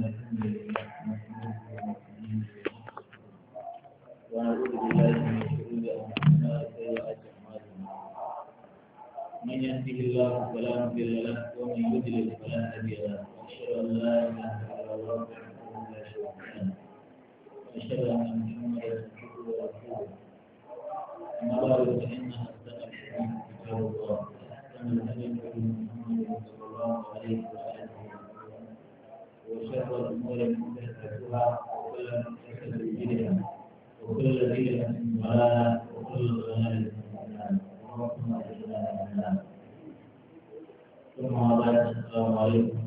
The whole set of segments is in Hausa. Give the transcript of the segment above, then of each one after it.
Allahumma salli ala Muhammad wa ala ali Muhammad. Wa na'udzu billahi عليكم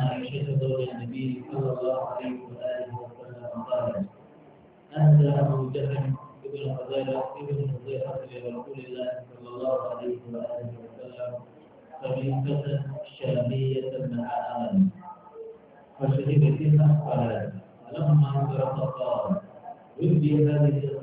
عائشة النبي صلى الله عليه وآله وسلم قالت انزل أبو جهل ابن حذيفة ابن حذيفة لرسول الله صلى الله عليه وآله وسلم خليفة شامية مع أمل فشهدت فيها قالت فلما انصرف قال ودي هذه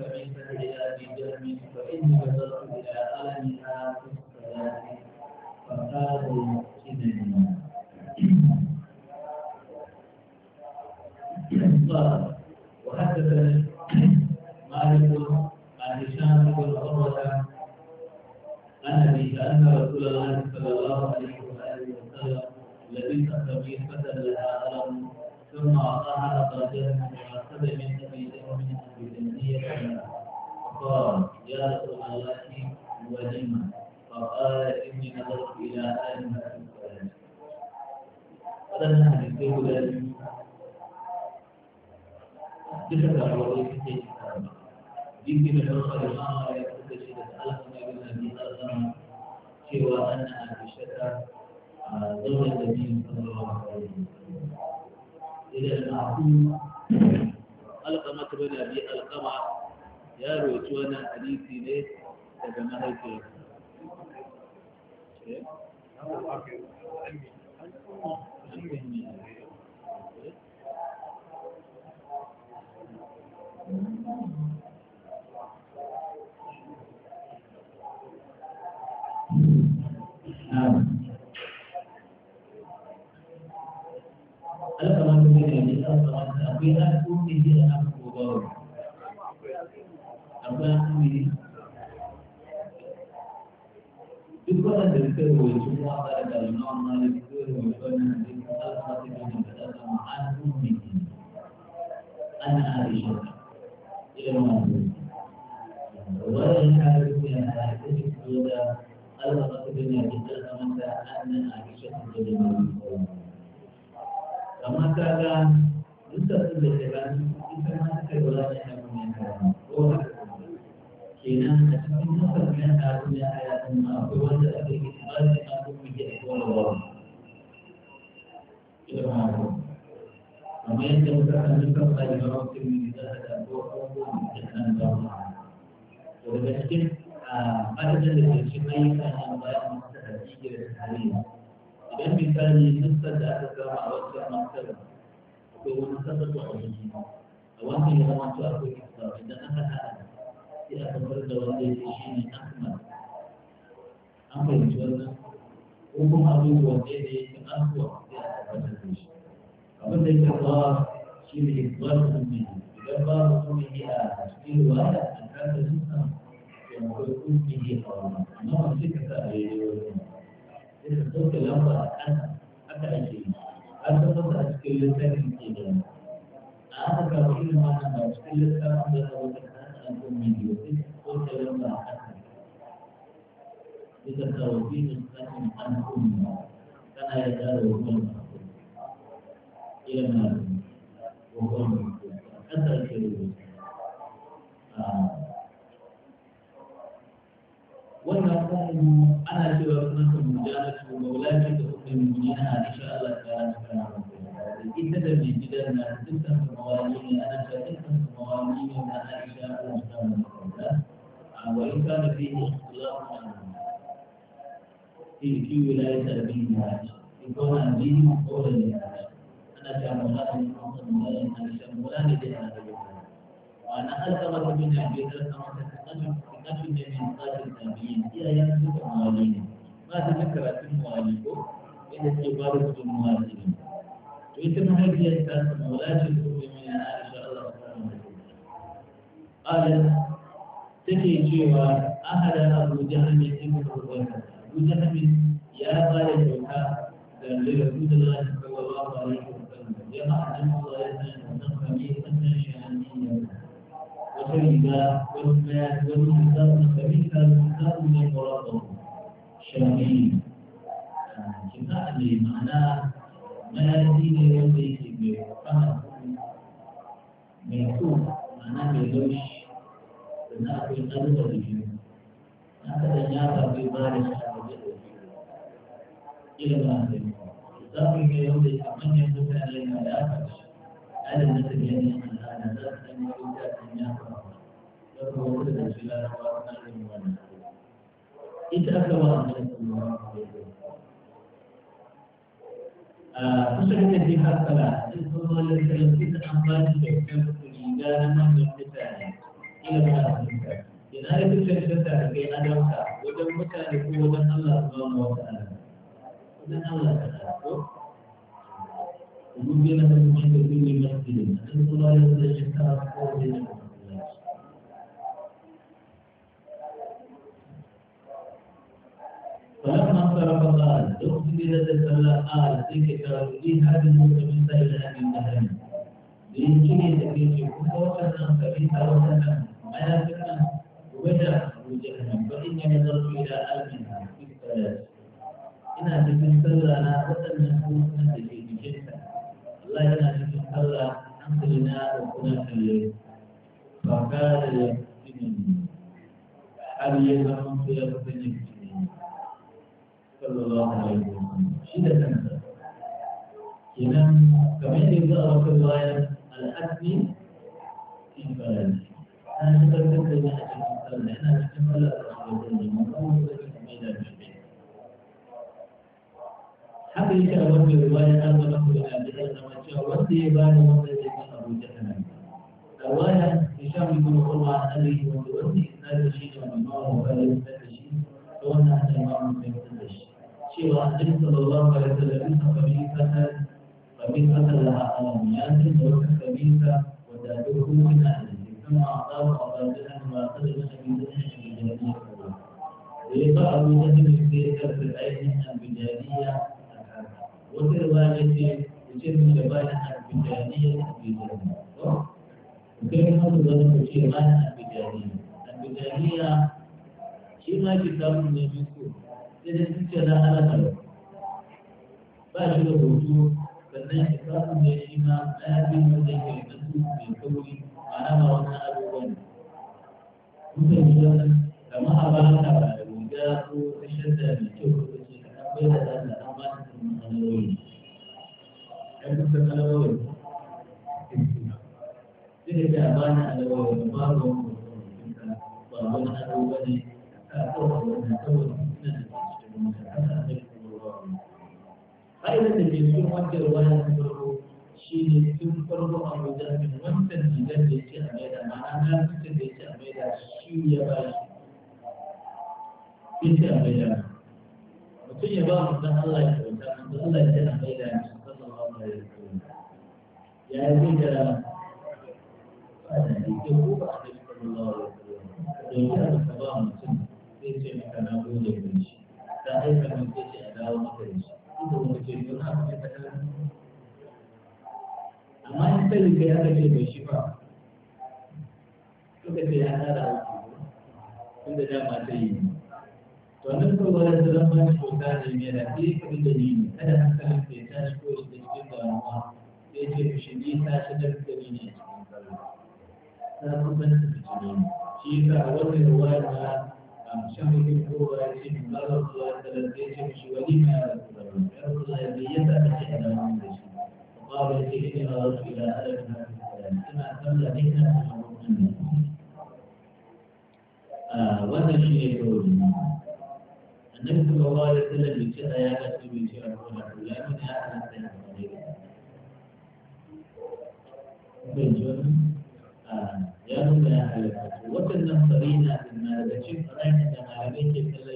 Alhamdulillah, kita telah berhasil. Kita telah berhasil. Kita telah berhasil. أما لمرض من ذهب أبوه من ذهب ولذلك أرجع للشمعي كان أمضاء مستهدية للحالية إذا مثالي نسبة ذلك مع وجه مكتبة وهو نسبة عمرية أولا يرمى تأكل إكثر إذا أخذ في أفضل دوالي شيء أكمل أما يجوز وهم أبوه وديه أقوى في أفضل الشيء أبدا يتطور شبه ضرب منه ودبر امه اخر في روايه ان كان جسما يقول امه قوما انما سكت إذا صوت الأمر أنا أتأتي أنا صوت أشكل سكن كذا أنا كأقول ما أنا أشكل سكن كذا وتكلم أنتم مني وإذا صوت الأمر أنا إذا توفيت السكن أنتم كان يزال هو المعقول إلى ما أقول وهم أثر كريم wannan kan ana cewa sunan kan mujalatu maulaki da kuma mummuna na insha Allah ta tsara ita da mai gidan na dukkan su mawali ne ana cewa dukkan su mawali ne na Aisha Allah ta tsara a wa in kana fi ikhtilaf في في ولاية أبي ناجي يكون عندي قول أنك ملازم أنت ملازم أنك ملازم لهذا وأنا ألزمك بنا بذلك أنك من ذات التابعين إلى يمسك موالينا ما تذكر في مواليكم إذا تبارك بالموالين ويتم هذه الأساس مولاة المؤمنين عائشة الله سبحانه وتعالى قالت تكي cewa أحد abu jahal ya ce muku wata يا jahal ya ba da kyauta da lura da Allah معنى صالحا ونقى ميتا شهاديا وكذبا والمثال فمثل المثال من ورده شهيد كتاب معناه ما يزيد يزيد به فقط ميتون معناه بيدوش لنا في قلبه بجنه هذا الجنة في بارش إلى ما أدري ساهم يوم الحمام يقول علينا لا تخشى على النسل يمين الآن ذات أن يكون ذات يقرأ يقرأ الجلال وأكمل والنسل إذ أكوى الله عليه وسلم فشهد بها الصلاة إذ صلى الله عليه وسلم آه، في أنفاس الشيخ إذا إلى هذا لذلك الشيخ في أدبها ودم متعلق الله سبحانه وتعالى dan Allah kata Mungkin ada mungkin lebih masjid. Dan Allah yang sudah cipta aku dengan فلما صرف قال اغسل تتسلى قال تلك ترجيها بالمتمسة إلى أبي النهر بإمكانه تكليف قوة فبها وسنا ما يفتن وبدا أبو جهل فإني نظرت إلى أبي في الثلاث ina cikin sallah na waɗannan abubuwan da ke jikinta Allah yana cikin sallah hankali na da kuna kalle ba ka da ya fi har ya zama su ya fi sanya fi sallallahu alaihi wa shi da kansa kenan kamar yadda za a wata bayan al'adni in farali ana cikin sallah yana cikin sallah yana cikin sallah da shi da kuma haka yake a wannan riwaya an zama ku da ajiyar zama cewa wanda ya bada wanda zai kan abu jahannam riwaya hisham ibn urwa alayhi wa wanda isnadin shi da imamu bukhari ya da shi da wannan hadisi imamu muslim da shi cewa annabi sallallahu alaihi wasallam ya kamar kasar قبيصة لها قلميات وكقبيصة وتأتوه من أهله ثم أعطاه أبا جهل ما قدم أبي جهل في جهل الأولى. لقاء أبي جهل an abidaniya abidaniya shi ma kitabun ne mai so sai da suke na alaƙa ba shi da hoto sannan kitabun ne shi ma na yafi wanda yake bisa bayyana mutum ya ba mutum Allah ya kyauta mutum Allah ya tana bayyana shi sallallahu alaihi wasallam ya yi bin da ba da ke ko ba da sallallahu alaihi wasallam da ya ba mutum zai ce maka na gode da shi da aika mun sai ce a dawo maka da shi inda mun ce don haka ne ka dawo amma in sai ka ya ce bai shi ba suka ce ya tara inda dama ta yi ومن هو يتلمس وكان الميراثي بالدليل هذا أحسن في تاشكو التشكيل والأنواع يجب في شديد تاشد بالدليل هذا قبل بالدليل شيء أول رواية شمك هو يجب الله الله ثلاثة يجب شوالي ما رسول الله يبيت أحد أمام وقال يجب إلى رسول الله ألف كما قبل ذكر أمام wannan shi ne kawai النبي صلى الله عليه وسلم يجيء يا أسلم يجيء أقول لا من أنا أسلم من جون يا من أهل وكنا صرينا في المال بشيء رأينا كما لبيت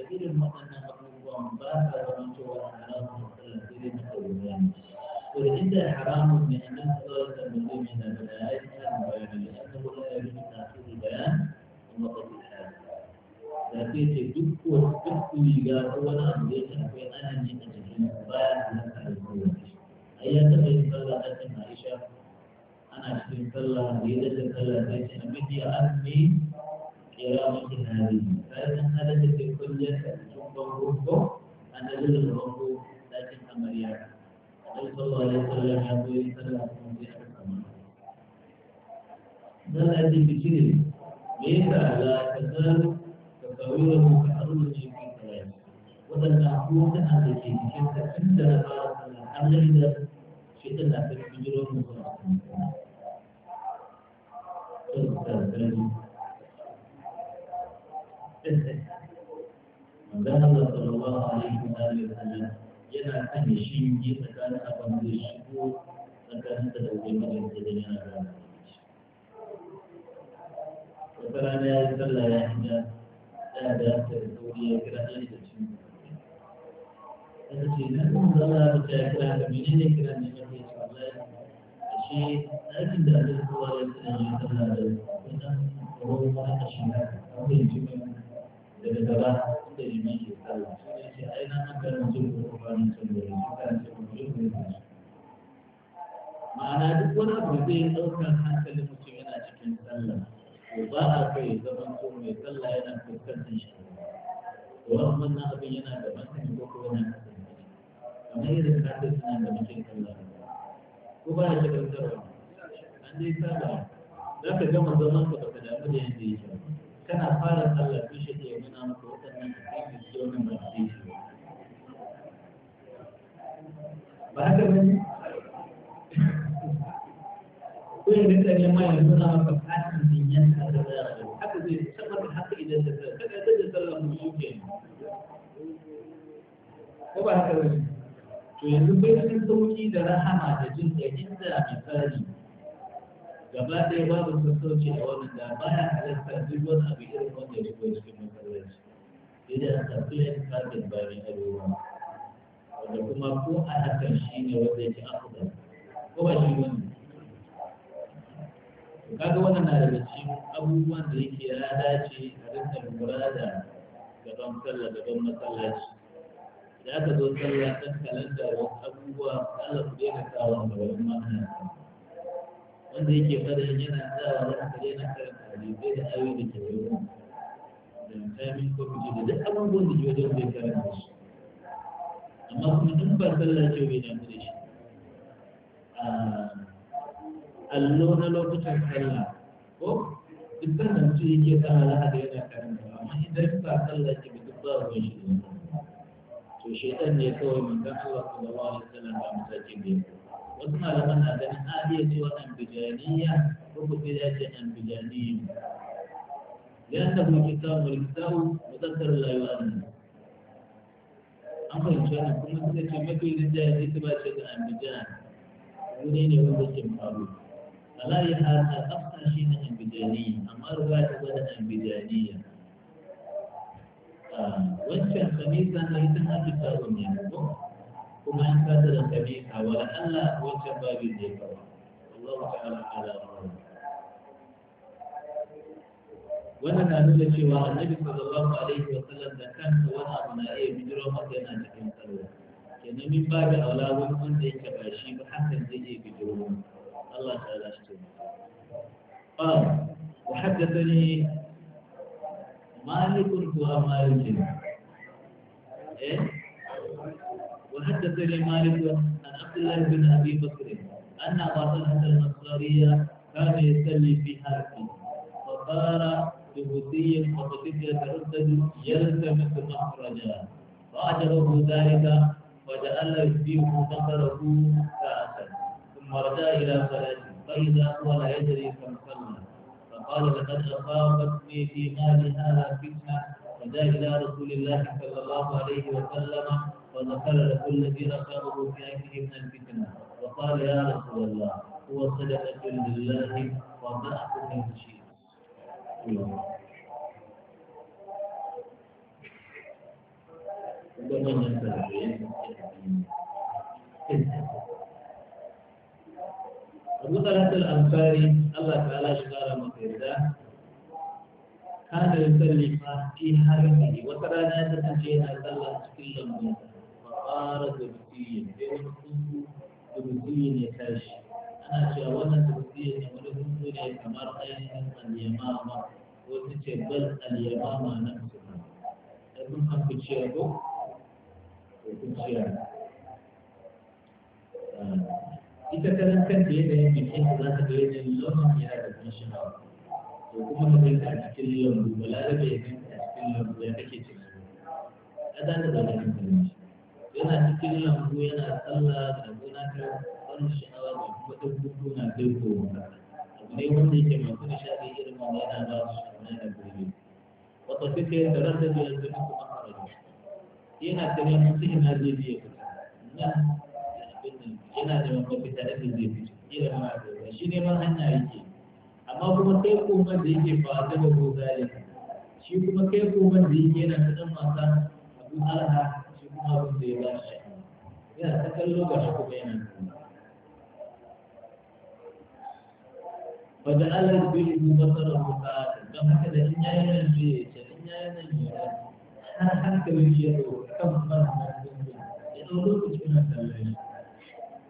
ko shiga ko wani abu da yake akwai anani a jikin baya halatta da kowane ai ya taɓa yin sallah a cikin aisha ana cikin sallah da ya dace sallah sai ce na miji a azumi kera miki hali bayan an hada da ke kullum a cikin bango ko an da zai da bango ɗakin amarya Annabi sallallahu alaihi wasallam ya zo yin sallah kuma sai aka kama. Zan ajiye bikini me yasa la tazal tasawwuruhu أقول هذا الشيء حتى أنت أغلب شيطان أكثر من جلوس Manzan Allah sallallahu alaihi wa sallam yana kan shi ne tsakanin abin da shigo tsakanin da dauke mai da yana da Wata rana ya yi sallah ya hanya da da ta sauri ya kira shi da ta ce na ɗin zama ta yi da mene ne kira ne ta ce a shi ɗakin da ake kowa ya tsaye ya tsalla da wannan kawai wani a shi a fahimci mai daga gaba da liman ke tsalla shi ne ce ai na nan karin jin ko kuma ni sun da yanzu karin jin ko jin ko yanzu ma'ana duk wani abu zai ɗaukar hankalin mutum yana cikin sallah to ba a kai zaman ko mai sallah yana fuskantar shi to wannan abin yana da bankin ko kuma غير الحدثنا لما شئت الله وبعد شكرا عندي سابع ذاك اليوم ظننت بتدامل عندي كان قال صلى في شيء من أمر وطن في اليوم ما فيه وهكذا كل مثل ما يكون فقط من ينسى حتى زي تشغل حتى إذا تتجسد له ممكن وبهكذا to yanzu birnin sauki da rahama da jin da inda misali gaba ɗaya babu sassauci a wannan da ba ya halarta duk wani abu irin wanda ya shigo cikin masallaci sai da a tafi da kafin bayan arewa wanda kuma ko a hakan shi ne wanda ya ci ko ba shi wani kaga wannan na daga cikin abubuwan da yake ya dace a rinka lura da gaban sallah gaban masallaci da aka zo sallah kan kalanda wasu abubuwa Allah ku daina sawa ga wani ma'ana wanda yake fada yana sawa wani kare na karanta hadisai da ayoyi da ke wajen da kamin kwamiti da duk abubuwan da ke wajen bai karanta su amma kuma duk ba sallah ce bai damu da shi allo na lokutan sallah ko duk sannan su yake sa al'ada yana karanta amma idan ba sallah ce ba duk ba ruwan shi da to shaitan ne kawai manzon Allah sallallahu alaihi wasallam ba mutaci ne wasu malaman na ganin a iya cewa ambijaniya ko ku sai ya ce ambijaniya لأنه كتاب والكتاب mu لا يؤمن an fahimci wannan kuma suka ce mafi ya zai ba ce da ambijan wuri ne wanda ke faru ala ya hasa tsafta shi na ambijaniya amma ruwa ta gwada ambijaniya wancan kamisa na ita na fi samun yanzu kuma an kasa da kamisa wala Allah wancan babu da ya kawo Allah ta'ala ala wannan na nuna cewa annabi sallallahu alaihi wa sallam da kansa wani abu na iya bijiro masa yana cikin tsaro kenan min ba da aula wani wanda yake ba shi ba hakan zai iya bijiro Allah ta'ala shi ta yi. وحدثني مالك تؤمر الجن إيه؟ وحدثني مالك عن عبد الله بن أبي بكر أن باطلة الأنصارية كان يصلي في حرفه فصار جبوتيا وقتل يتردد يلتمس مخرجا فأعجبه ذلك وجعل يشبهه بصره كأسد ثم رجع إلى صلاته فإذا هو لا يدري كم صلى قال لقد أصابتني في مال هذا فتنة فجاء إلى رسول الله صلى الله عليه وسلم ونقل لكل الذين أصابه في أجله من الفتنة وقال يا رسول الله هو صدقة لله وما أكون شيء Thank you. أبو طلحة الأنصاري الله تعالى شكرا مقيدا كان يصلي في حرمه وترى وترانا تتشيء الله كل من فقار دبسي دبسي كاش أنا شاوانا دبسي نمره سوريا كمار أيها اليمامة وتشي اليمامة نفسها أبو خمس شيئا أبو إذا كانت بين من حيث لا تبين اللون في هذا المشروع وكما تبين أن كل يوم ولا تبين أن كل يوم ذلك هذا هذا ذلك المشروع ينا كل يوم هو ينا صلى تبون كل شنوا وتبون دبوا ne wanda yake masu nishaɗi irin wanda yana ba su shafi na gari wata suke da rasa biyar zuwa kuma a rage yana tare da mutum yana zai biya kuma yana da mafita da zai fito ila ma da shi ne man hanya yake amma kuma kai ko man da yake ba ta da ko zalika shi kuma kai ko man da yake yana da dan masa abu alha shi kuma abin da ya ba shi yana ta kallo ga shi kuma yana fa da Allah bi mu basara mu ka dan haka da in yayin nan bi ce in yayin nan ne har ka shi ya kan fara da ya lokaci ina kallon shi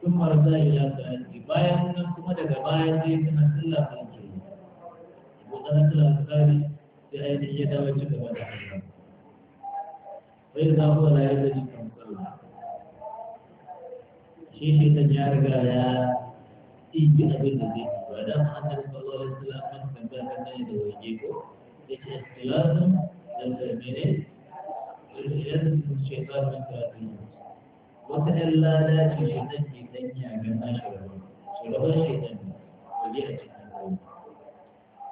sun marasa ya salati bayan nan kuma daga baya sai kana sallah kan ke abu tsara kala tsari sai ainihin ya dawo ci gaba da Allah bai za ku la ya zai kan sallah shi shi ta ya riga ya ɗibi abin da zai ba da annabi sallallahu alaihi wasallam an tambaya kan da ko da mene wata ‘yan lada ce shi ɗan ke ɗan yamin nashi rabu shugaban shi ɗan waje a cikin rabu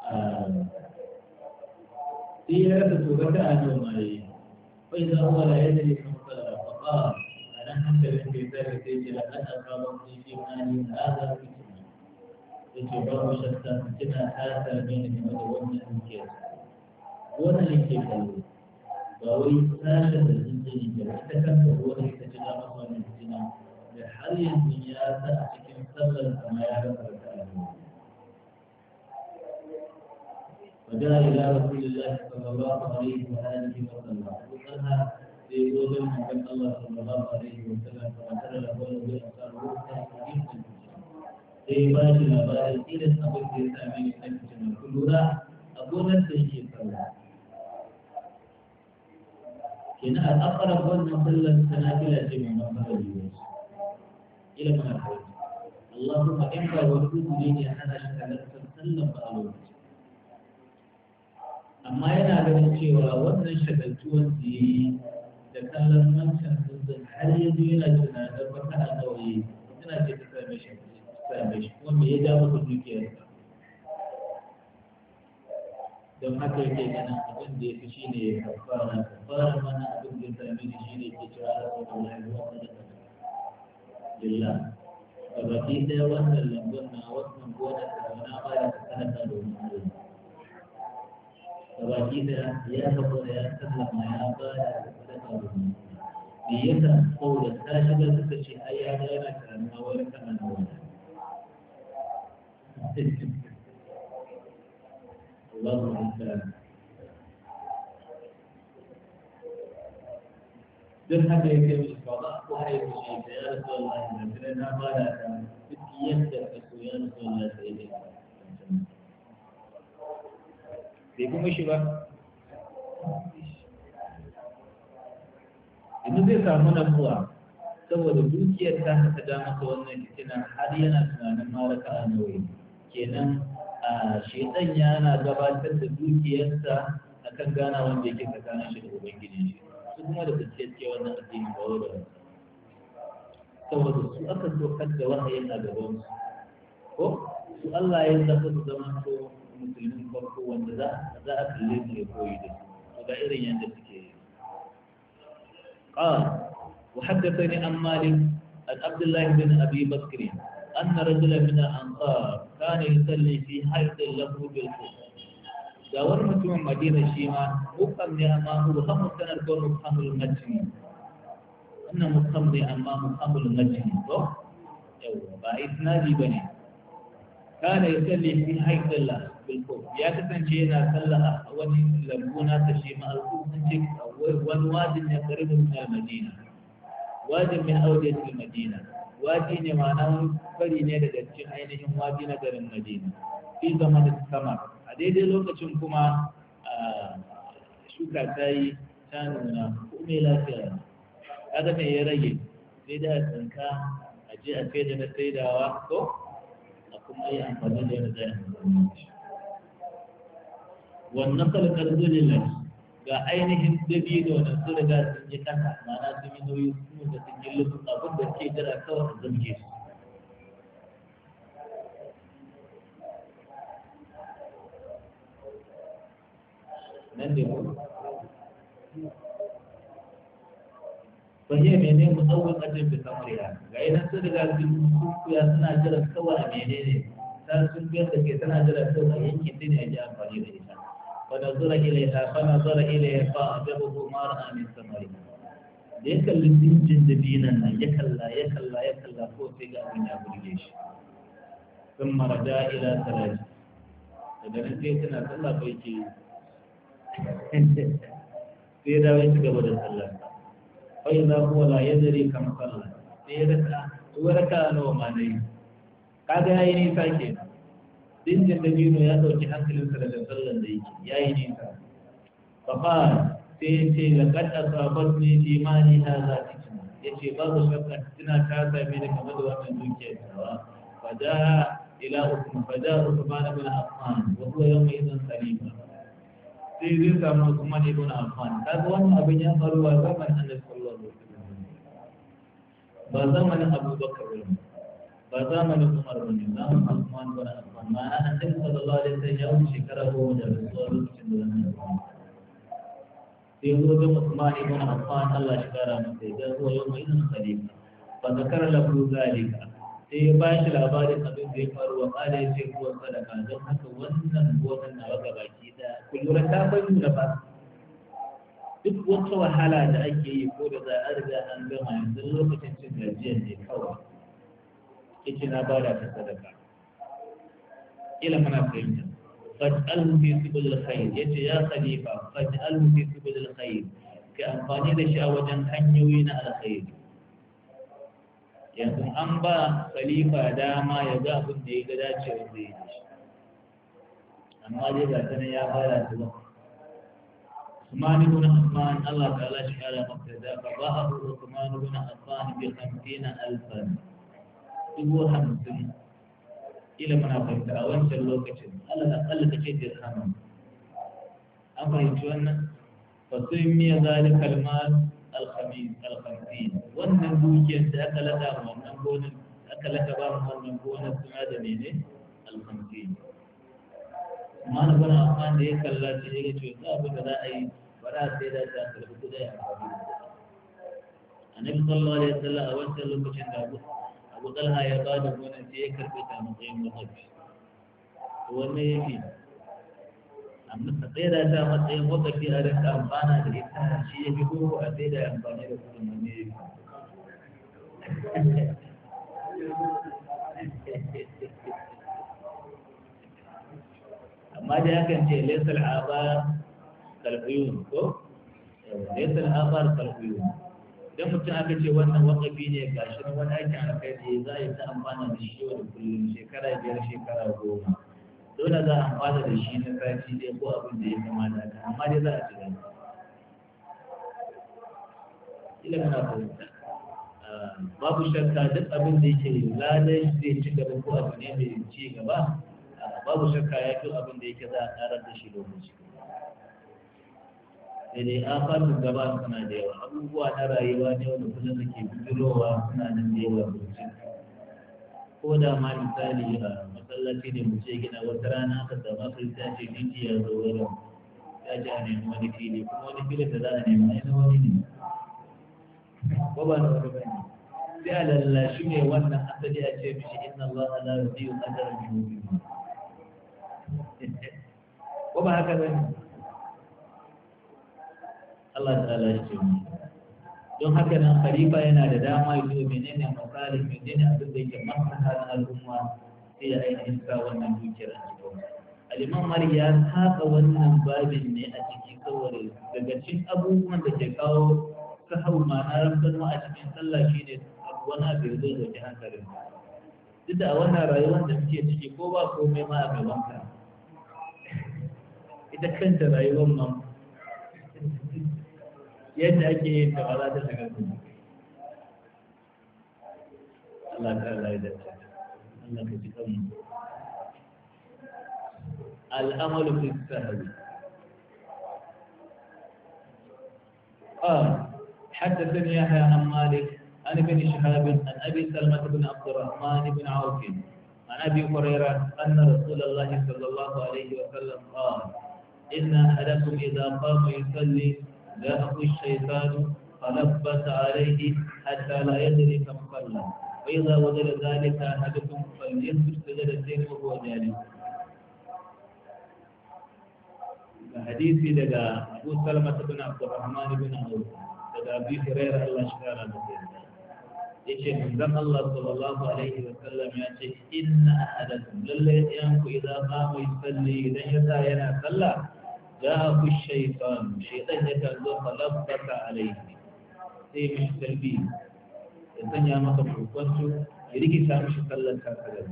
sai ya rasa tuba ta ajiyar mai wai za a wala yadda ne kan kala da faɓa a nan hankalin da ya zaga sai ce da ana kawo kun shi mani na aza fitina da ce ba mu shakka fitina ta same ni game da wannan yake wannan yake kallo ba wai sashen da sun ce ne ba ita kanta ruwan ita ainihin dunya ta a cikin tsallan amma ya ga da mu. Wajen ila Rasulun Allah sallallahu alaihi wa alihi wa sallam. Sannan sai zo zan magan Allah sallallahu alaihi wa sallam kuma tare da wani zai a karo ta cikin tsallan. Sai ba shi labarin tilas abin da ya sami ne kan cikin kulura a gonar da yake sallah. Kina a tsakarar wannan sallar tana filaje mai mafarar yiwuwa. إلى من الحوض اللهم إنك ورد إليك أنا شكرا تسلم بألوك amma yana ganin cewa wannan shagaltuwar da ya yi da kallon mancan sun har yanzu yana tunanin wata alawai tana ce ta same shi same shi kuma me ya ja masa dukiyar sa don haka yake ganin abin da ya fi shi ne ya kafara kafara mana abin da ya same shi shi ne ke cewa a rasa da wani wanda da lillah a baki ɗaya wannan lambun na wannan gonar da wani ba da ta sanata domin Allah a baki ɗaya ya haƙura ya sallama ya ba da ta sanata domin me yasa saboda ta shiga suka ce ai ya ga yana karama wani kana na wani Allah mu don haka ya kai mishi ba ba ko har yi rasulallah da kira na fara ta duk yadda ka so ya rasulallah sai dai bai kuma shi ba yanzu zai samu nasuwa saboda dukiyar ta haka da masa wannan fitina har yana tunanin maraka a nauyi kenan a shedan yana gabatar da dukiyarsa akan gana wanda yake tsakanin shi da ubangiji shi su kuma da gaskiyar wannan addini ba da wani قال وحدثني عن مالك عن عبد الله بن ابي بكر ان رجلا من الانصار كان يصلي في حيض له بالكفر داور مسلم مدينه شيما وقام لها ما هو خمس سنه كونه خمر wannan mukam ne amma mukamul majini to yawa ba isnadi ba ne kana yusalli fi haidalla bil ya kasance yana sallah a wani lambu na ta shi ma al-kufin ce wani wadin ne karibu min madina wadin mai aure ta madina wadi ne ma'ana wani fari ne daga cikin ainihin wadi na garin madina fi zama da kamar a daidai lokacin kuma shuka ta yi ta nuna ko mai lafiya kaga me ya rage sai da a tsanka a je a kai da na saidawa ko a kuma yi amfani da yana zai wannan kalkar zuri lafi ga ainihin dabi da su riga sun yi kasa ma'ana sun yi nauyi su da sun yi lusu abin da ke jira kawai a zamge su nan da fahiyar mene mu tsawon ajin bisa samariya ga yi nasu da sun kuya suna jiran mene ne ta sun biyar da ke suna jiran a yankin din ya ji amfani da ita wadda zura ilaiha fana zura ya fa ko mara a mai samari da ya kalli jinjin binan nan ya kalla ya kalla ya kalla ko sai ga abin ya burge shi sun mara ila salaji daga nan sai suna sallah ko yake sai ya dawo ya ci gaba da sallah فإذا هو لا يدري كم صلى sai raka wa raka nawa ma dai kaga yayi nisa kenan dindin da bino ya dauki hankalin sa daga sallan da yake yayi nisa fa qala sai ce laqad asabatni fi mali hadha fitna yace babu shakka tana ta same ni kamar da wannan dukiyar tawa fa da ila ukun fa da usman ibn affan wa huwa yawma idan salima sai zai samu kuma usman ibn affan kaga wannan abin ya faru a zamanin annabi ba zamanin abubakar wani ba zamanin umar wani zamanin usman wani usman ma na annabi sallallahu alaihi wasallam ya wuce shekara goma da rasuwa lokacin da zan yi sai zo ga usman ibn affan Allah shi kara masa ya zo yau mai nan khalifa fa zakara a zalika sai ya bashi labarin abin da ya faru wa da ya ce kuwa sadaka don haka wannan gonan na waka baki da kullum ta bayyana ba duk wata wahala da ake yi ko da za a riga an gama yanzu lokacin cin gajiyar ne kawai ita na ba da ta sadaka ila mana fahimta faj'alhu fi sibil khair yace ya khalifa faj'alhu fi sibil khair ka amfani da shi a wajen hanyoyi na alkhairi yanzu an ba khalifa dama ya ga abin da ya ga dacewa zai yi amma dai ga sanin ya fara zuwa عثمان بن عثمان الله تعالى شعر مبتدا فباعه عثمان بن عثمان بخمسين ألفا دبو حمسين إلى منافقة أوان شلو كتن ألا أقل كتن درهم أفهمت أن فسمي ذلك المال الخميس الخمسين والنبو والنبوكي أنت أكلتها أكلتا أكلتها والنبوكي أكلتها والنبوكي الخمسين mana bana amfani da ya kalla ce ya ce ta abu da za a yi ba za a sai da ta karbi kuɗi a kawo annabi sallallahu alaihi wasallam a wancan lokacin da abu abu talha ya ba da gonar ce ya karbi ta matsayin wakafi to wannan ya amma ta sai da ta matsayin wakafi a rinka amfana da ita shi ya fi ko a sai da amfani da kuɗin wannan ya amma dai hakan ce laisal abar kalfiyun ko laisal abar kalfiyun idan mutum aka ce wannan wakafi ne ga shi wani aikin alkhairi za a yi ta amfana da shi yau da kullum shekara biyar shekara goma dole za a amfana da shi na sati dai ko abin da ya kamata da haka amma dai za a ci gani ilimin na fahimta babu shakka duk abin da yake lalai zai ci gaba ko abu ne mai ci gaba babu shakka ya fi abin da yake za a karar da shi domin shi sai dai fara gaba suna da yawa abubuwa na rayuwa ne wanda kuma da ke suna nan da yawa sosai ko da ma misali a masallaci ne mu ce gina wata rana aka zama aka yi tashi dinki ya zo wurin ya ji a nemi wani fili kuma wani fili da za a nemi a na wani ne ko ba na wani bane sai a lallashi ne wannan asali a ce mishi inna allaha la yudhi'u ajra al-mu'minin ko ba haka bane Allah ta'ala ya ce mu don haka nan khalifa yana da dama mai zo menene masalin menene abin da yake maslaha na al'umma sai ya ainihin sa wannan dukiyar a cikin al'imam malik ya saka wannan babin ne a ciki saboda daga cikin abubuwan da ke kawo sahau ma na rafkanuwa a cikin sallah shine wani abu ya zo dauki hankalin duk da wannan rayuwar da muke ciki ko ba komai ma a gaban ka دكنت ما يضم يد أجيب ولا تلقى الله تعالى الله يدفع الأمل في السهل قال آه، حدثني يحيى عن مالك عن ابن شهاب عن ابي سلمة بن عبد الرحمن بن عوف عن ابي هريرة ان رسول الله صلى الله عليه وسلم قال إن أحدكم إذا قام يصلي جاءه الشيطان فلبس عليه حتى لا يدري كم صلى وإذا وجد ذلك أحدكم فليسجد سجدتين وهو جالس حديثي دقا أبو سلمة بن عبد الرحمن بن عوف دقا أبي هريرة الله شكرا بسيطة يشي من الله صلى الله عليه وسلم يشي إن أحدكم للي ينكو إذا قام يصلي إذا يسعى صلى جاءك الشيطان شيطان يتعلق لبك عليه سي مشكل بي يتنى ما تبقى قصو يريك سام شكل لك كذا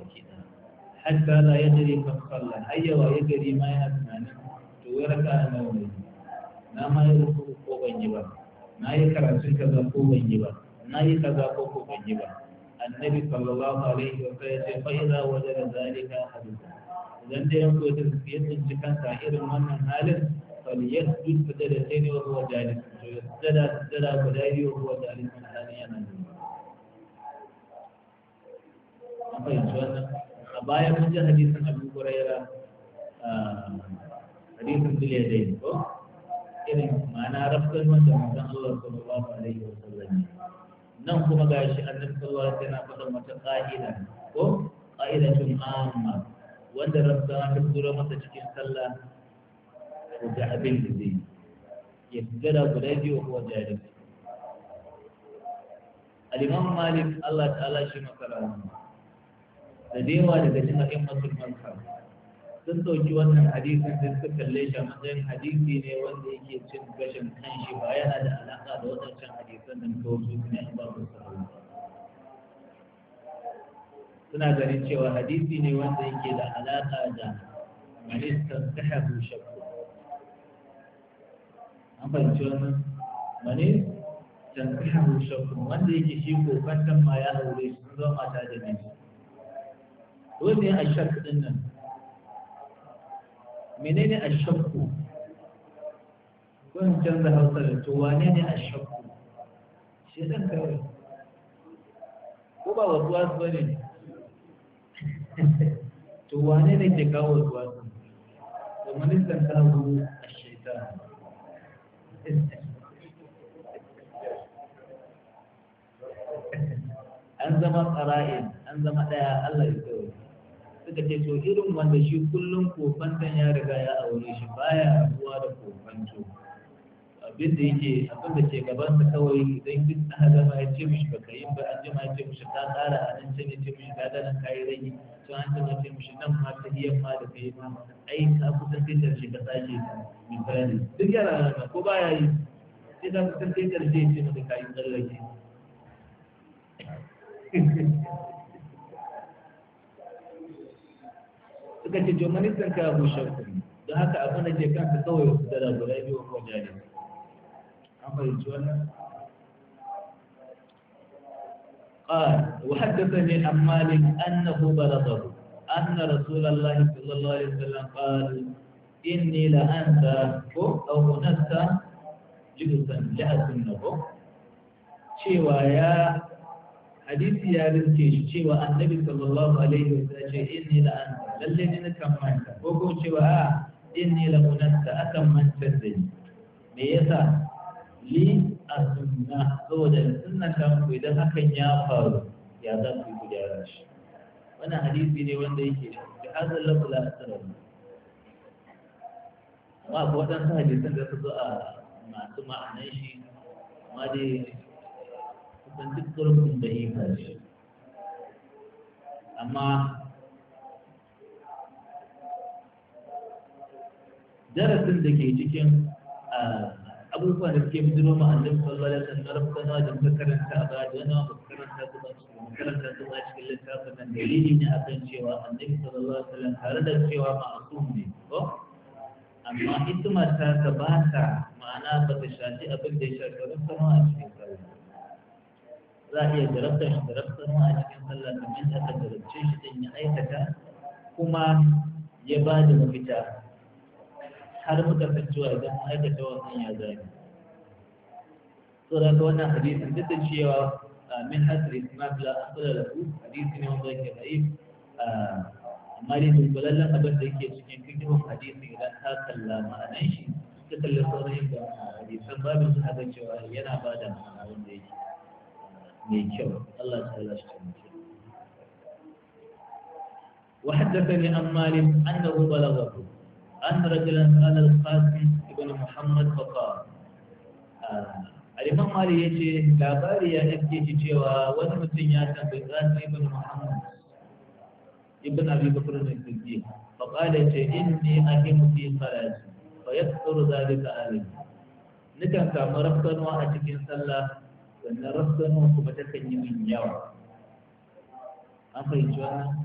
حتى لا يجري كفلا أي ويجري ما يسمعنا تورك أنا ومن نما يرفو قوبين جبا نا يكرسل كذا قوبين جبا نا يكذا قوبين جبا النبي صلى الله عليه وسلم فإذا وجد ذلك أحدكم idan da yanku ya tafi ya tsinci kansa irin wannan halin faliyar duk da da sai ne wa huwa jalis to ya tsada tsada guda biyu wa huwa jalis na halin yana da an fahimci wannan a baya mun ji hadisin abu huraira hadisin bilya dai ko irin ma'ana rafkan wanda manzon Allah sallallahu alaihi wa sallam nan kuma gashi annabi sallallahu alaihi wa sallam faɗa mata qa'ida ko qa'idatun amma wanda rabba ta tura masa cikin sallah ko ga abin da zai ya sujada guda biyu ko jari Alimam malik Allah ta'ala shi makara da dewa daga cikin a'immatul mazhab sun dauki wannan hadisin da suka kalle shi a matsayin hadisi ne wanda yake cin gashin kanshi ba yana da alaka da wadancan hadisan da ko su ne ba su sahabi suna ganin cewa hadisi ne wanda yake da alaƙa da manistan sahabu shakku an fahimci wannan mani tankahu shakku wanda yake shi ko kwantan ma ya aure shi sun zama ta da miji ne a shak din nan menene a shakku kun canza hausa da to wane ne a shakku shi dan kawai ko ba wasu wasu ne. to wane ne ke kawo duwatsu da ministan kawo a shaita an zama tsara'in an zama ɗaya allah ya kawo suka ce to irin wanda shi kullum kofantan ya riga ya aure shi baya rabuwa da kofanto abin da yake abin da ke gaban sa kawai idan kin aka gama ya ce mishi baka yin ba an jima ya ce mishi ka tsara a nan can ya ce mishi ka dana kayi rage to an jima ce mishi nan ma ta iya ma da kai ma ai ka kusan kai karshe ka sake bayani duk yara na ko ba ya yi sai ka kusan kai karshe ya ce maka kayi tsallake suka ce to ministan ka abu shakku don haka abin da ke kanka kawai wasu dala guda biyu ko jari fahimci wannan قال وحدثني عن مالك أنه بلغه أن رسول الله صلى الله عليه وسلم قال إني لأنت أو هنست جلسا جلسا نبو cewa ya hadisi ya rinke shi cewa annabi sallallahu alaihi wa sallam ce inni la anta lalle ni na kan manta ko ko cewa a inni la unasta akan manta da ni me yasa li a sunna saboda sunna ta ku idan hakan ya faru ya za ku ku gyara shi wannan hadisi ne wanda yake da hazan lafi Ma ko amma sa waɗansu hadisan da su zo a masu ma'anan shi ma dai kusan duk turkun da yi shi amma darasin da ke cikin ah, abubuwa da suke bidiro ma annabi sallallahu alaihi wasallam kana da makaranta a baya da wannan makaranta ta ba su makaranta ta ba cikin littafin nan dalili ne akan cewa annabi sallallahu alaihi wasallam tare da cewa ma'asum ne ko amma hikima ta ta ba ta ma'ana ba ta shafi abin da ya shafi rafsanwa a cikin sallah za a iya jarabtar shi da rafsanwa a cikin sallah kamar da aka jarabce shi din ya aikata kuma ya ba da mafita har muka san cewa idan an aikata wannan ya zai so da ka wannan hadisin duk da cewa min hasr ismat la asala lahu hadisi ne wanda yake da'if amma dai dunkulallen abin da yake cikin fikihun hadisi idan ka kalla ma'anan shi ka kalli sauran da hadisan babin suna ga cewa yana ba da ma'ana wanda yake mai kyau Allah ta lashe mutum وحدثني عن مالك أنه بلغه أن رجلا سأل القاسم ابن محمد فقال الإمام مالي يجي لاباري يا إبكي تجيوا ونمتن ياتن بالقاسم ابن محمد ابن أبي بكر الصديق فقال يجي إني أهم في صلاتي فيكثر ذلك علي نكن كام رفقنوا أتكين صلى وأن رفقنوا كما تكن من يوم أخي جوانا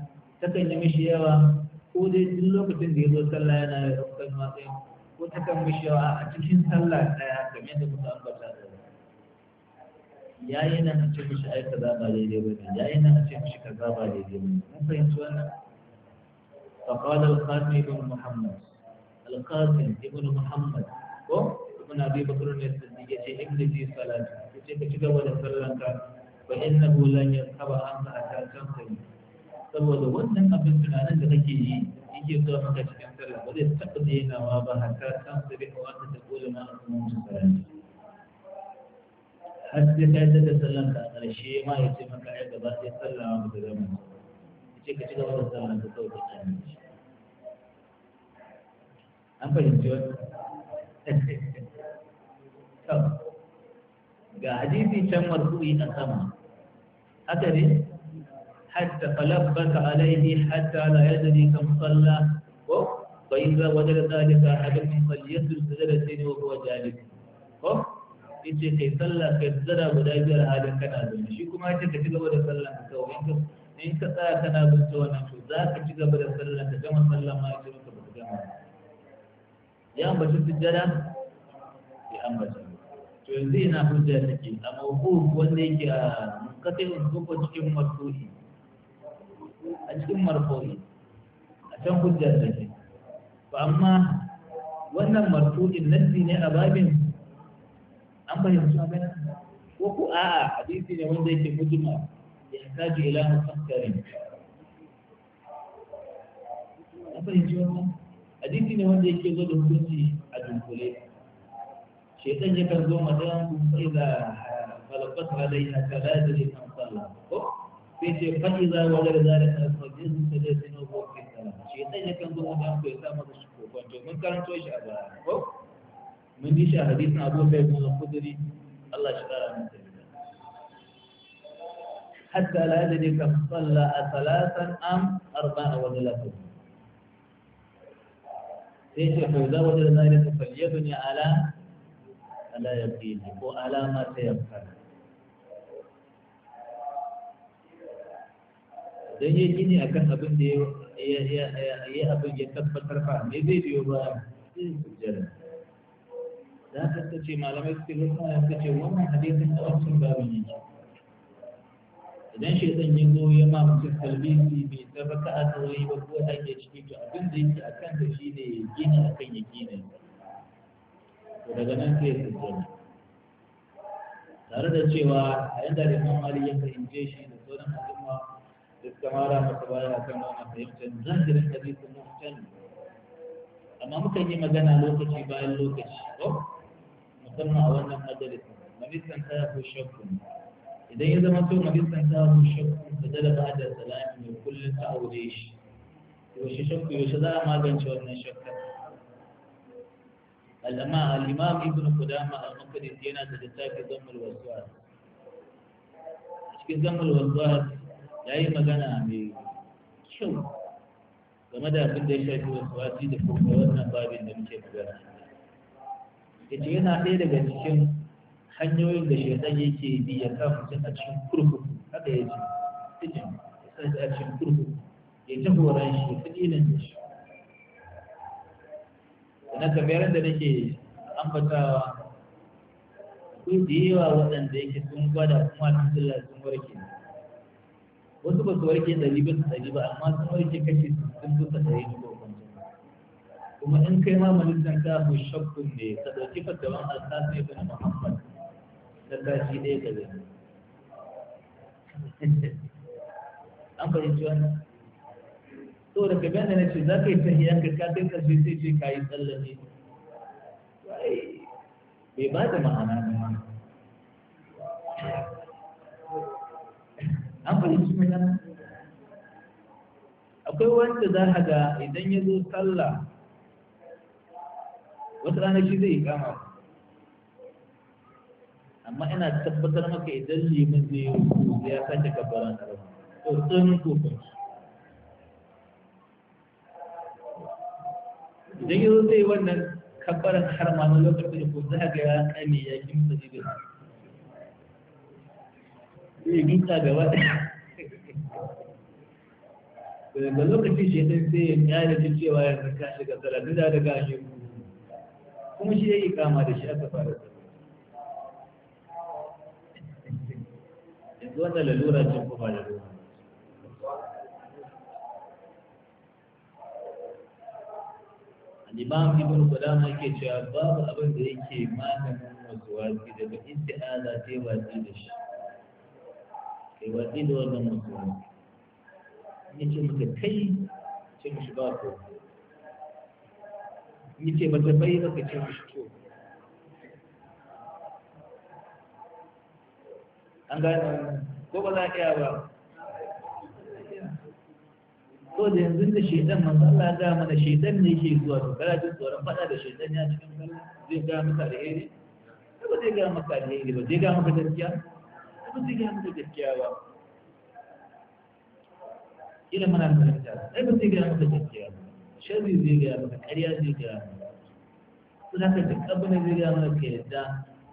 تكن يمشي يوم ko dai duk lokacin da ya zo sallah yana da ɗaukar matsayin ko ta kan mishewa a cikin sallah ɗaya game da muka ambata da ya yi nan a ce mishi ai kaza ba daidai ba ne ya yi nan a ce mishi kaza ba daidai ba ne mun fahimci wannan فقال القاسم بن محمد القاسم ابن محمد ko ibn abi bakr ne siddiq yace ibn fi salat yace ka ci gaba da sallanka fa innahu lan yakaba anka hatta tamtani saboda wannan abin tunanin da kake yi yake zuwa maka cikin sallah ba zai taɓa dainawa ba hatta san su bi hawa ta tafi da ma'aikatan su karanta har sai ka yi da sallan ka a ƙarshe ma ya ce maka ai ba sai sallah ba ta zama ya ce ka ci gaba da sallan ka kawai ka ci an fahimci wata ga hadisi can marfu'i a sama haka ne حتى فلبك عليه حتى لا يدري كم صلى فإذا وجد ذلك أحدكم فليسجد سجدتين وهو جالس yace kai sallah kai zara guda biyar halin kana zaune shi kuma yace ka ci gaba da sallah ka kawai in ka ka tsaya kana zuwa wannan to za ka ci gaba da sallah ka gama sallah ma yace maka ka gama ya ambaci sujjada ya ambaci to yanzu ina hujja take a mawquf wanda yake a kace ko cikin matuhi a cikin marfu'i a can hujjar da ke ba amma wannan marfu'in nassi ne a babin an fahimci bayan ko ku a'a hadisi ne wanda yake mujma ya ji ila mutafakkarin an fahimci wannan hadisi ne wanda yake zo da hukunci a dunkule shaitan yakan zo madan ku sai da eh, falafat alaiha kaza da kan sallah بيجي قليلا ولا ذلك أفضل جزء سلسل نظر في الكلام شيء تجد كان ضوء أبان في إسلام هذا الشكور فانتو من كان توي شعبا من يشاء حديثنا أبو سيد من الخدري الله شكرا من تبدا حتى لا يدري كم صلى ثلاثا أم أربعة وثلاثة ليش فوزا وجد نايرة فليدني على على يقيني وعلى ما سيبقى don ya gini a kan abin da ya abin ya tabbatar fa me zai biyo ba zai sujjada da haka ta ce malamai suke lura ya kace wannan hadisin da wancan babin yake idan shi zan yi zo ya ma mutum talbisi bai tabbata a tsawai ba ko ake ciki to abin da yake a kan da shi ne ya gini a kan ya gini to daga nan sai ya sujjada tare da cewa a yanda da imam ali ya fahimce shi da sauran al'umma استعارة متبايا كما أنا فهمت ظاهر الحديث محكم أما ممكن يما جانا لوكشي باي لوكشي مسمى أولا مجلس ما بيستنساه الشك إذا إذا ما تو ما بيستنساه الشك فدل بعد السلام من كل تأويش يوشي شك يوشي ذا ما بين شورنا شك الإمام ابن قدامة المقدسي ينا تجتاك ضم الوسواس cikin zammul waswas ya yi magana mai kyau game da abin da ya shafi wasu wasi da kuma wannan babin da muke magana ya ce yana ɗaya daga cikin hanyoyin da shaitan yake bi ya sa mutum a cikin kurkuku haka ya ce cikin ya sa a cikin kurkuku ya ta horon shi ya fi dinin da shi sannan kamar da nake ambatawa akwai da yawa waɗanda yake sun gwada kuma cikin sun warke wasu ba su warke ɗari su ɗari ba amma sun warke kashi sun bisa ɗari da kwakwancin kuma in kai ma manisan ka ku shakkun ne ka ɗauki fatawan alƙasa ibn muhammad na kashi ɗaya ga zai an fahimci wannan saboda ka bayan da na ce za ka yi tahiya ka ka kai ƙarshe sai ce ka yi tsallake bai ba da ma'ana ba an fahimci akwai wanda za a ga idan ya zo sallah wata rana shi zai kama amma ina tabbatar maka idan limin zai yi ya sake kabbaran karama to tsanin kofin idan ya zo zai wannan har ma na lokacin da ko za a ga ya kame ya kimsa jirgin. sai duka gaba ɗaya daga lokacin shi ɗin sai ya ƙyale shi cewa ya ka shiga sallah duk da daga shi kuma shi ya yi kama da shi aka fara yanzu wannan lalura ce ko ba lalura Imam Ibn Qudama yake cewa babu abin da yake maganin wasu wasi daga isti'aza sai wasu da shi sai watsi da wannan musulmi ne ce maka kai ce mishi ba ko ni ce mata bai baka ce mishi to an gane ko ba za a iya ba ko da yanzu da shaidan manzo Allah ya gaya mana shaidan ne yake zuwa to kada ji tsoron fada da shaidan ya cikin kallon zai ga maka hiri ko zai ga maka hiri ba zai ga maka gaskiya ba ila mana karanta ta ba su gaya maka gaskiya zai gaya maka ƙarya zai gaya su za ka duk abin da zai gaya mana ka yadda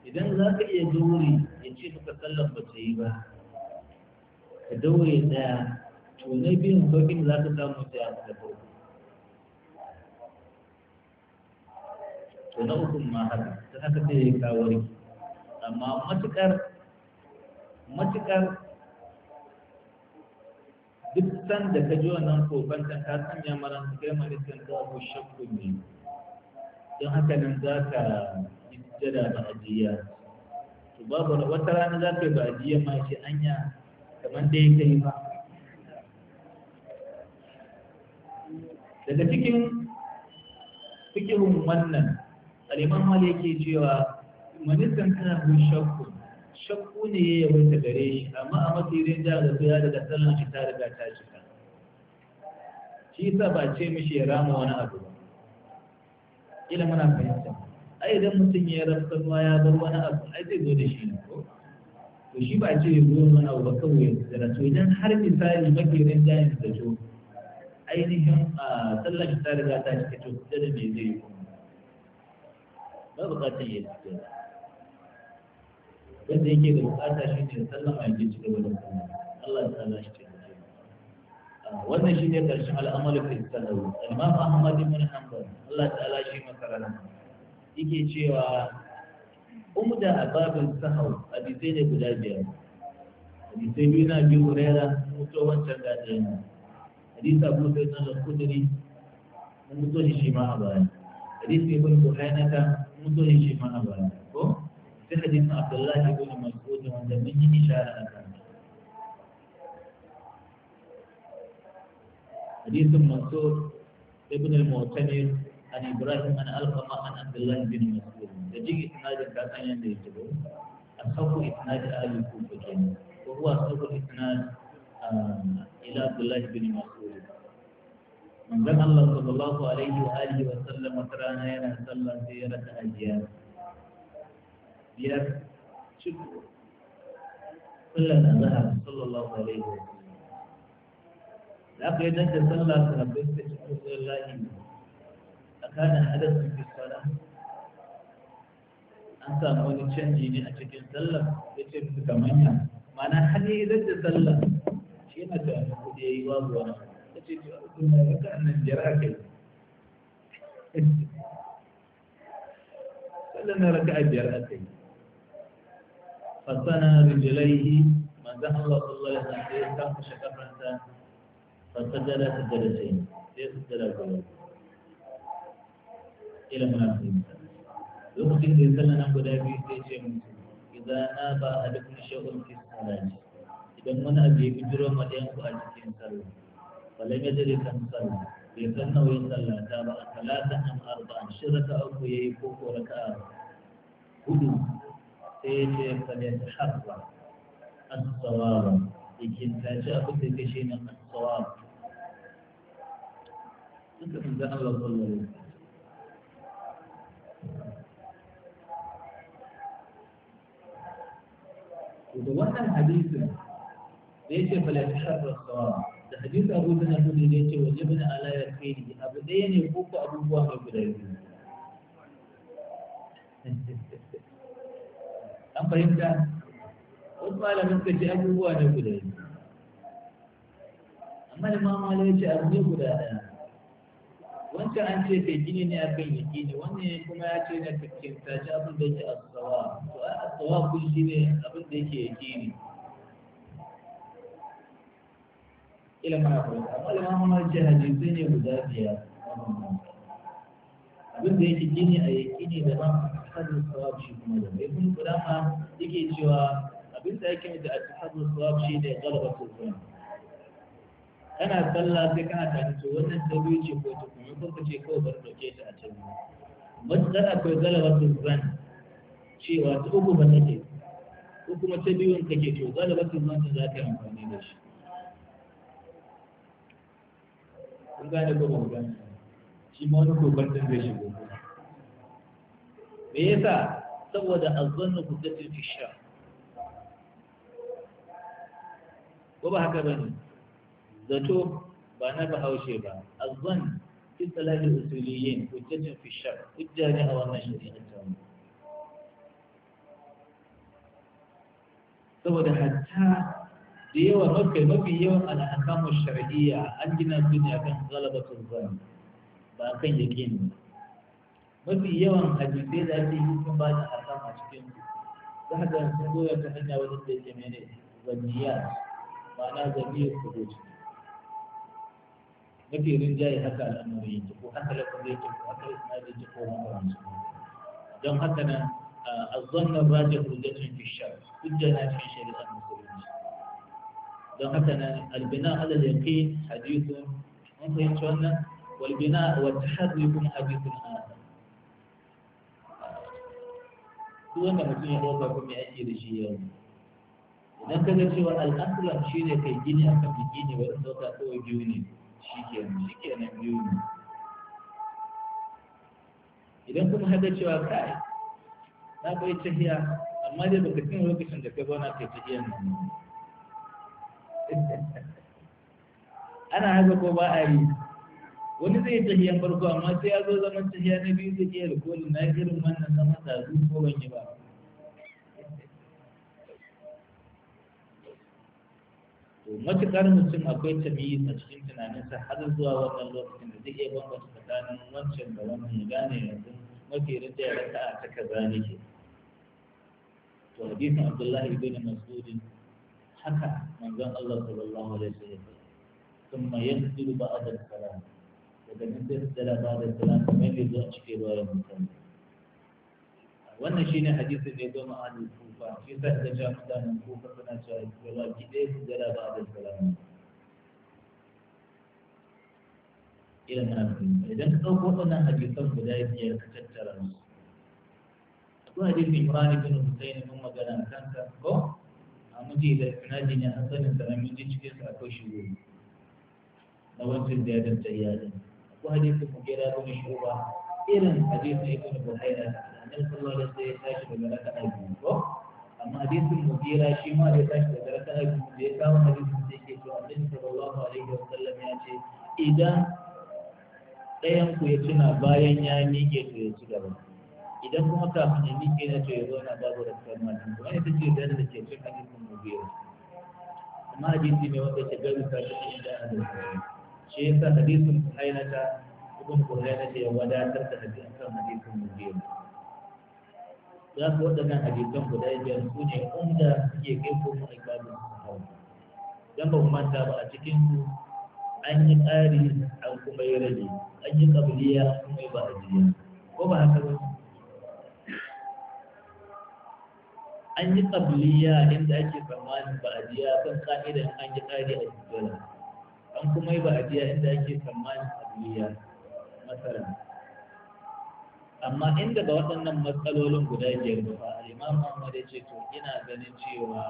idan za ka iya daure ya ce maka sallan ba ta yi ba ka daure ɗaya to na biyun sauƙin za ka samu ta da to na ukun ma haka ta haka sai ya kawo amma matukar matuƙar duk san da ka ji wannan kofantan ka sanya mara su kai marisan za ku shakku ne don haka nan za ka yi jada ba ajiya to babu wata rana za ka yi ba ajiya ma shi anya kamar da ya kai ba daga cikin fikihun wannan aliman mali yake cewa manisan kana ku shakku shakku ne ya yawaita gare shi amma a matsirin da ga ya daga sallan shi ta riga ta shiga shi sa ba ce mishi ya rama wani abu ba ila muna fahimta ai idan mutum ya rafka ruwa ya bar wani abu ai zai zo da shi ne ko to shi ba ce ya zo wani abu ba kawai ya tsira to idan har misali makirin jayin da zato, ainihin a sallar shi ta riga ta shiga to da me zai yi ba bukatar ya tsira wanda yake da bukata shi ne sallama yake ci gaba da kuma Allah ta ala shi taimake ah, wannan shi ne karshen al'amalu fi salawu imam ahmad ibn hanbal Allah ta ala shi makarana yake cewa umda a babin sahau hadisai ne guda biyar hadisai biyu na biyu hurera mutuwa wancan ta ne hadisa kuma sai na da kudiri mutuwa shi ma a baya hadisi ibn buhainata mutuwa shi ma a baya في حديث عبد الله بن مسعود وعند منه إشارة حديث منصور ابن المعتمر عن إبراهيم عن ألقى عن عبد الله بن مسعود تجي إسناد عند يندرجه أخف إسناد ال الكوفة وهو أخف الإسناد آه، إلى عبد الله بن مسعود من ذكر الله صلى الله عليه وآله وسلم وترانا ينا صلى سيرة أجيال biyar ciko sallar azhar sallallahu alaihi wa sallam da aka yi da sallah sahabbai suka ci rasulullahi akana hadathun fi salah an samu wani canji ne a cikin sallar ya ce musu kamanya mana har yi idan da sallar shi yana da kuɗi ya yi babu wani ya ce ta kuma ya ka nan jira aka yi sallar na raka a biyar aka yi فسنى رجليه ما زال الله صلى الله عليه وسلم كم شكر فرنسا فسجل سجلتين ليس سجلت الله إلى منافق الإنسان يقول إن الإنسان لنا قد أبي سيشي إذا نابا أدفن شغل في الصلاة إذا من أبي بجرى مدين قد أجل فلم يدري كم صلى بيتنا ويصلى تابع ثلاثة أم أربعة شركة أو يكوك وركاء قدوم سيتي فليتحرى الصواب يجب فاجاء كل شيء الصواب ذكر الله صلى الله عليه وسلم da wannan hadisin da yake falafishar da sawa da hadisin abu zana hudu da yake waje bin alayar kaini abu ɗaya ne ko ko abubuwa mai guda biyu an fahimta wasu malamin suka ce abubuwa ne guda biyu amma da mamala ya ce abu ne guda ɗaya wancan an ce ta gini ne akan yaki ne wannan kuma ya ce na cikin tashi abin da yake asawa to a asawa kun shi ne abin da yake yaki ne ilimin akwai amma da mamala ce hadisai ne guda biyar abin da yake gini a yaki ne daban attihadul sawab shi kuma da ibn ma yake cewa abin da yake da attihadul sawab shi da galabatul zulm kana sallah sai kana tare to wannan ta ce ko ta kuma kun ka ce ko bar dauke ta a can matsar akwai galabatul zulm cewa ta uku ba take ko kuma ta biyun take to galabatul zulm za ta yi amfani da shi kun gane ko ba gani gane shi ma wani kokarin zai shigo me yasa saboda azzannu hujjatul fi shar ko ba haka bane zato ba na bahaushe ba azzan fi salati usuliyin hujjatul fi shar hujja ne a wannan shari'a ta mu saboda hatta da yawa mafi mafi yawan al'akamun shari'a an gina su ne akan galabatun zan ba kan yakin ba mafi yawan hadisai da ake yi sun ba da haram a cikin su za haka sun goya ta hanya wajen da yake mene zanniya ma'ana su zo kudoci mafi rinjaye haka al'amari yake ko haka da kuma yake ko haka da isnadin yake ko makaransu don haka nan الظن الراجح لجنة الشر وجهها في شريعة المسلمين don haka nan albina ala yaqin hadithun mun fahimci wannan wal bina wa tahdhi hadithun duk wanda mutum ya ɗauka ko ya ake da shi yau idan ka ga cewa al'asulan shi ne kai gini a kan gini wani sauka kawai biyu ne shi kenan shi kenan biyu ne idan kuma haɗa cewa kai na bai tahiya amma dai baka cin lokacin da ka zauna kai tahiya ne ana haka ko ba a yi wani zai tahiyar farko amma sai ya zo zaman tahiya na biyu zai iya alkolin na irin wannan zaman da su ko ban yi ba to matuƙar mutum akwai tamyiz a cikin tunaninsa har zuwa wannan lokacin da zai iya bambanta tsakanin wancan da wannan ya gane yanzu mafi rinta ya raka a za kaza nake to hadisin abdullahi ibn mas'ud haka manzon Allah sallallahu alaihi wasallam ثم يغسل بعد السلام daga nan sai su tsara ba da salam kamar yadda zuwa cikin ruwayar mutum wannan shi ne hadisin da ya zo ma'adin kufa shi sa da cewa mutanen kufa suna cewa yawa ki ɗaya su tsara ba da salam irin hana idan ka ɗauko waɗannan hadisan guda biyar ka tattara su akwai hadisin imran ibn husayn mun magana kansa ko a miji da sanadi ne hasanin sanan miji cikin sa akwai shigo na wancan da ya danta iyalin وحديث مغيرة بن شعبة إلى حديث ابن بحيرة النبي صلى الله عليه وسلم يتاشى ببركة أبيه أما حديث مغيرة شما يتاشى ببركة أبيه بيكاو حديث سيكي النبي صلى الله عليه وسلم يأتي إذا ɗayan ya tuna bayan ya miƙe to ya ci gaba idan kuma kafin ya miƙe na to ya zauna babu rafkar matan kuma ita ce da ke cin hadisin mubira amma hadisi ne wanda ke gari ta cikin da an da shi yasa hadisin Burainata ibn Burainata ya wadatar da hadisi akan hadisin Mughir za ku waɗannan hadisan guda biyar su ne inda suke kai ko mu aikabin sahawa dan ba mu manta ba a cikin su an yi ƙari an kuma yi rage an yi ƙabiliya an kuma yi ba'adiyya ko ba haka ba an yi ƙabiliya inda ake tsammanin ba'adiyya kan ka'idar an yi ƙari a cikin an kuma yi ba a biya inda ake tsammanin a duniya masara amma inda ba waɗannan matsalolin guda biyar ba liman Muhammad ya ce to ina ganin cewa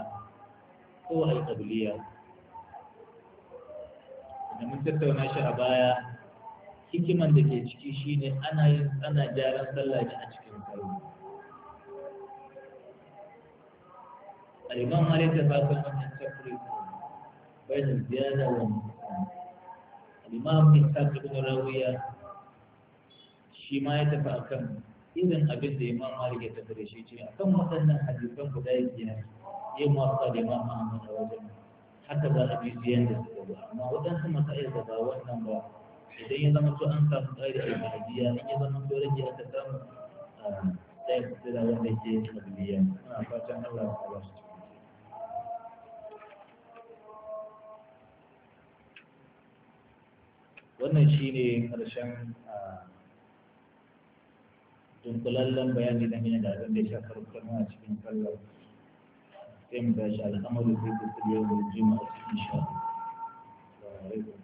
ko alƙabliya da mun tattauna shi a baya hikiman da ke ciki shine ana yin ana gyaran sallah ne a cikin sauri al'imam Malik da fasan wannan tafiya بين الديانة والمقام الإمام إسحاق بن راوية شيما يتفاكم إذن أبن الإمام مالك يتفرشي جميع كم مثلنا حديثكم بداية الديانة يوم وقت الإمام أمن رجل حتى بعد أبي زيان ما ودان ثم تأيي تباوحنا مع إذن يظن أنت أنت غير المهدية إن يظن أنت رجع تتام تأيي تتلاوح لكي تتلاوح لكي تتلاوح لكي تتلاوح لكي تتلاوح لكي تتلاوح لكي تتلاوح لكي تتلاوح لكي تتلاوح لكي تتلاوح لكي تتلاوح لكي تتلاوح لكي تتلاوح لكي تتلاوح لكي تتلاوح wannan shi ne ƙarshen dunkulallen bayani dangane da abin da ya shafi rukunu a cikin kallon sai mu gashi al'amarin zai kusurwa da jima'a cikin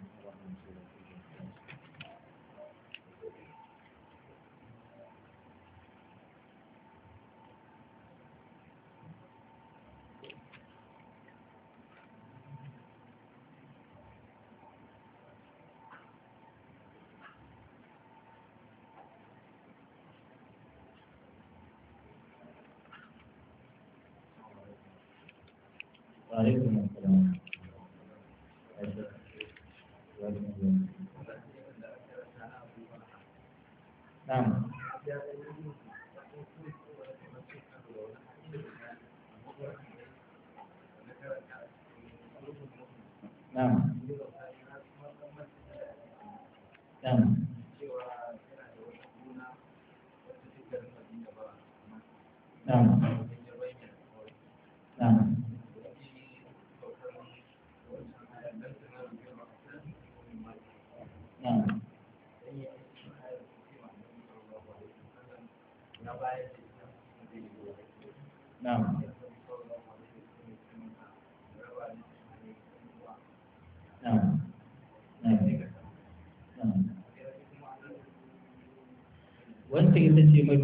嗯。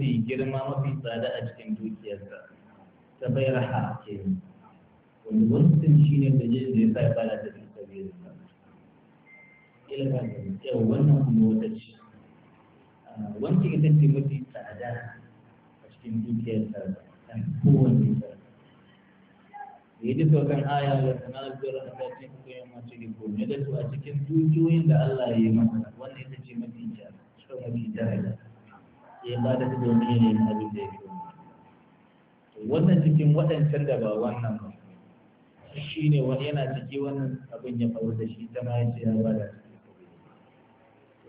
mafi girma mafi tsada a cikin dukiyarsa ta bai raha ke wani wancan shi ne da jin da ya sa bala ta fi sabi da ilka da yau wannan kuma wata ce wancan ita ce mafi tsada a cikin dukiyarsa kan kowane sa da kan aya da sanar da rahatatin ku ya mace ne ko ne da su a cikin dukiyoyin da Allah ya yi masa wannan ita ce mafi tsada mafi daraja ya bada ta ne yin abin da ya fi wannan cikin waɗancan da ba wannan ba shi ne yana ciki wannan abin ya faru da shi ta ma ya ba da bada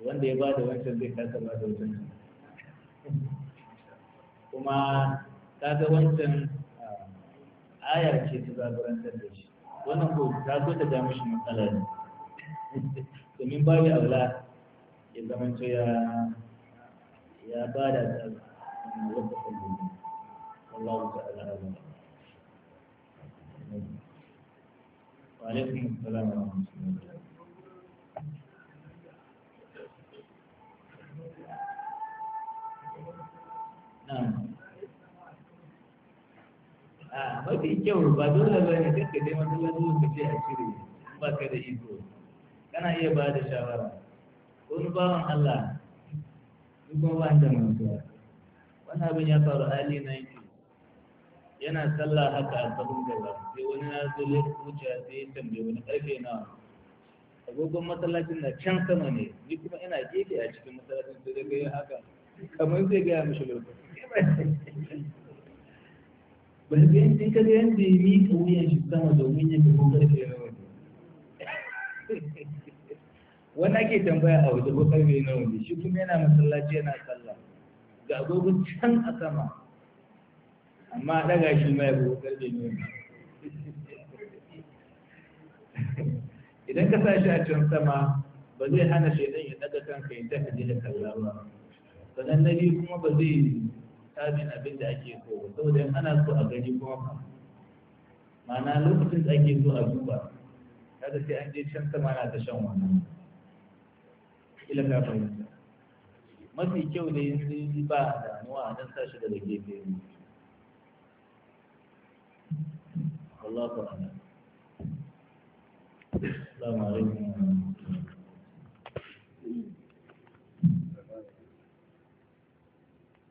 wanda ya bada wancan zai kasa ba da wancan kuma ta ga wancan ayar ce ta zaburantar da shi wannan ko ta so ta damu shi matsala ne domin babu aula ya zama ya ya ba da ta wata kalmomi Allah mafi kyau ba dole ba ne duka dai wani lokaci a shiri ba ka da iko kana iya ba da shawara wani bawan Allah kuma ba da mantuwa wani abin ya faru hali na yi yana sallah haka a sabon gaba sai wani ya zo ya kuce sai ya tambaye wani karfe na agogon masallacin na can sama ne ni kuma ina gefe a cikin masallacin sai daga yin haka kamar zai gaya mishi lokaci ba su yan sai kaga yanda ya miƙa wuyan shi sama domin ya gaba karfe na wani wani ake tambaya a waje ko mai na wani shi kuma yana masallaci yana sallah ga agogo can a sama amma daga shi mai abu ko mai na wani idan ka sa shi a can sama ba zai hana shaidan ya daga kanka ya tafi je da kalla ba sannan na biyu kuma ba zai tabin abin da ake so ba. saboda yin ana so a gani kuma ba ma'ana lokacin da ake so a duba kada sai an je can sama na ta shan wannan kila fahimta mafi kyau ne yi ba a damuwa a nan sashi daga gefe ne Allah ku ana.